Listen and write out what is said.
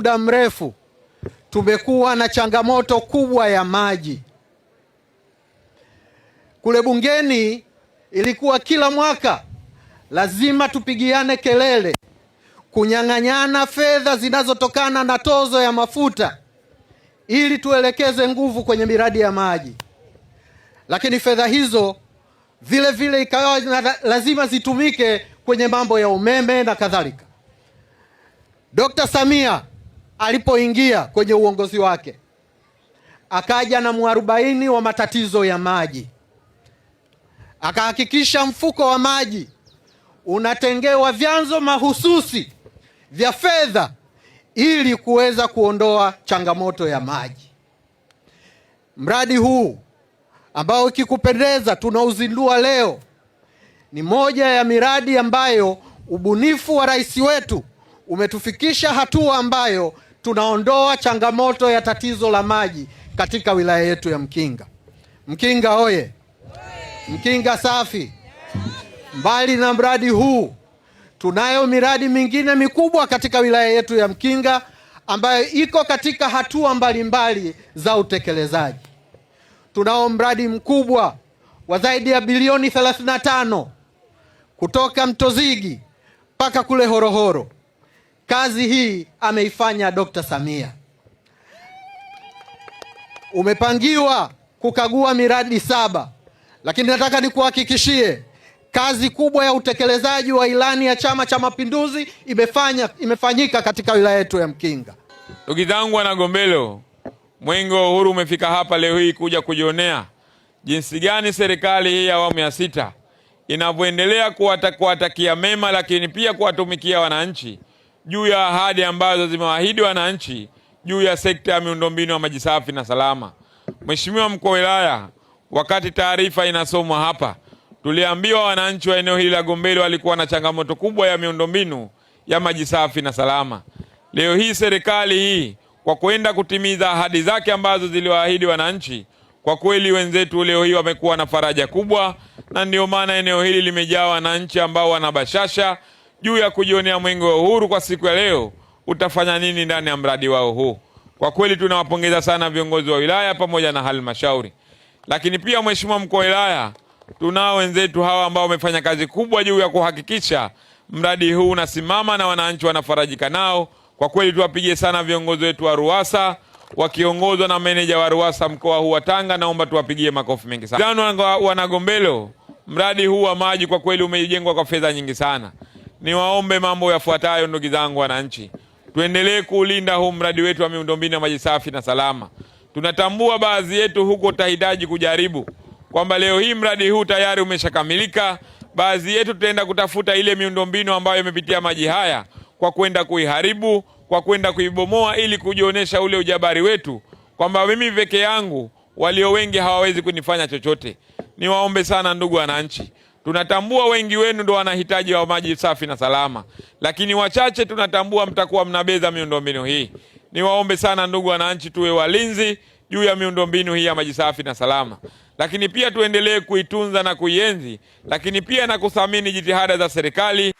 Muda mrefu tumekuwa na changamoto kubwa ya maji kule bungeni. Ilikuwa kila mwaka lazima tupigiane kelele, kunyang'anyana fedha zinazotokana na tozo ya mafuta ili tuelekeze nguvu kwenye miradi ya maji, lakini fedha hizo vile vile ikawa lazima zitumike kwenye mambo ya umeme na kadhalika. dokta Samia alipoingia kwenye uongozi wake akaja na mwarobaini wa matatizo ya maji, akahakikisha mfuko wa maji unatengewa vyanzo mahususi vya fedha ili kuweza kuondoa changamoto ya maji. Mradi huu ambao ikikupendeza tunauzindua leo ni moja ya miradi ambayo ubunifu wa rais wetu umetufikisha hatua ambayo tunaondoa changamoto ya tatizo la maji katika wilaya yetu ya Mkinga. Mkinga oye! Mkinga safi! Mbali na mradi huu, tunayo miradi mingine mikubwa katika wilaya yetu ya Mkinga ambayo iko katika hatua mbalimbali mbali za utekelezaji. Tunao mradi mkubwa wa zaidi ya bilioni 35 kutoka Mtozigi mpaka kule Horohoro. Kazi hii ameifanya Dkt. Samia. Umepangiwa kukagua miradi saba, lakini nataka nikuhakikishie kazi kubwa ya utekelezaji wa ilani ya Chama cha Mapinduzi imefanya imefanyika katika wilaya yetu ya Mkinga. Ndugu zangu wanagombelo, mwenge wa uhuru umefika hapa leo hii kuja kujionea jinsi gani serikali hii ya awamu ya sita inavyoendelea kuwatakia mema, lakini pia kuwatumikia wananchi juu ya ahadi ambazo zimewaahidi wananchi juu ya sekta ya miundombinu ya maji safi na salama. Mheshimiwa mkuu wa wilaya, wakati taarifa inasomwa hapa, tuliambiwa wananchi wa eneo hili la gombeli walikuwa na changamoto kubwa ya miundombinu ya maji safi na salama. Leo hii serikali hii kwa kwenda kutimiza ahadi zake ambazo ziliwaahidi wananchi, kwa kweli wenzetu leo hii wamekuwa na faraja kubwa, na ndio maana eneo hili limejaa wananchi ambao wana bashasha juu ya kujionea mwenge wa uhuru kwa siku ya leo utafanya nini ndani ya mradi wao huu. Kwa kweli tunawapongeza sana viongozi wa wilaya pamoja na halmashauri, lakini pia mheshimiwa mkuu wa wilaya, tunao wenzetu hawa ambao wamefanya kazi kubwa juu ya kuhakikisha mradi huu unasimama na wananchi wanafarajika nao. Kwa kweli tuwapigie sana viongozi wetu wa RUWASA wakiongozwa na meneja wa RUWASA mkoa huu wa Tanga, naomba tuwapigie makofi mengi sana. Wanagombelo, mradi huu wa maji kwa kweli umejengwa kwa fedha nyingi sana niwaombe mambo yafuatayo, ndugu zangu wananchi, tuendelee kuulinda huu mradi wetu wa miundombinu ya maji safi na salama. Tunatambua baadhi yetu huko tutahitaji kujaribu kwamba leo hii mradi huu tayari umeshakamilika. Baadhi yetu tutaenda kutafuta ile miundombinu ambayo imepitia maji haya kwa kwenda kuiharibu, kwa kwenda kuibomoa ili kujionyesha ule ujabari wetu kwamba mimi peke yangu, walio wengi hawawezi kunifanya chochote. Niwaombe sana ndugu wananchi Tunatambua wengi wenu ndo wanahitaji wa maji safi na salama, lakini wachache tunatambua mtakuwa mnabeza miundombinu hii. Niwaombe sana ndugu wananchi, tuwe walinzi juu ya miundombinu hii ya maji safi na salama, lakini pia tuendelee kuitunza na kuienzi, lakini pia na kuthamini jitihada za serikali.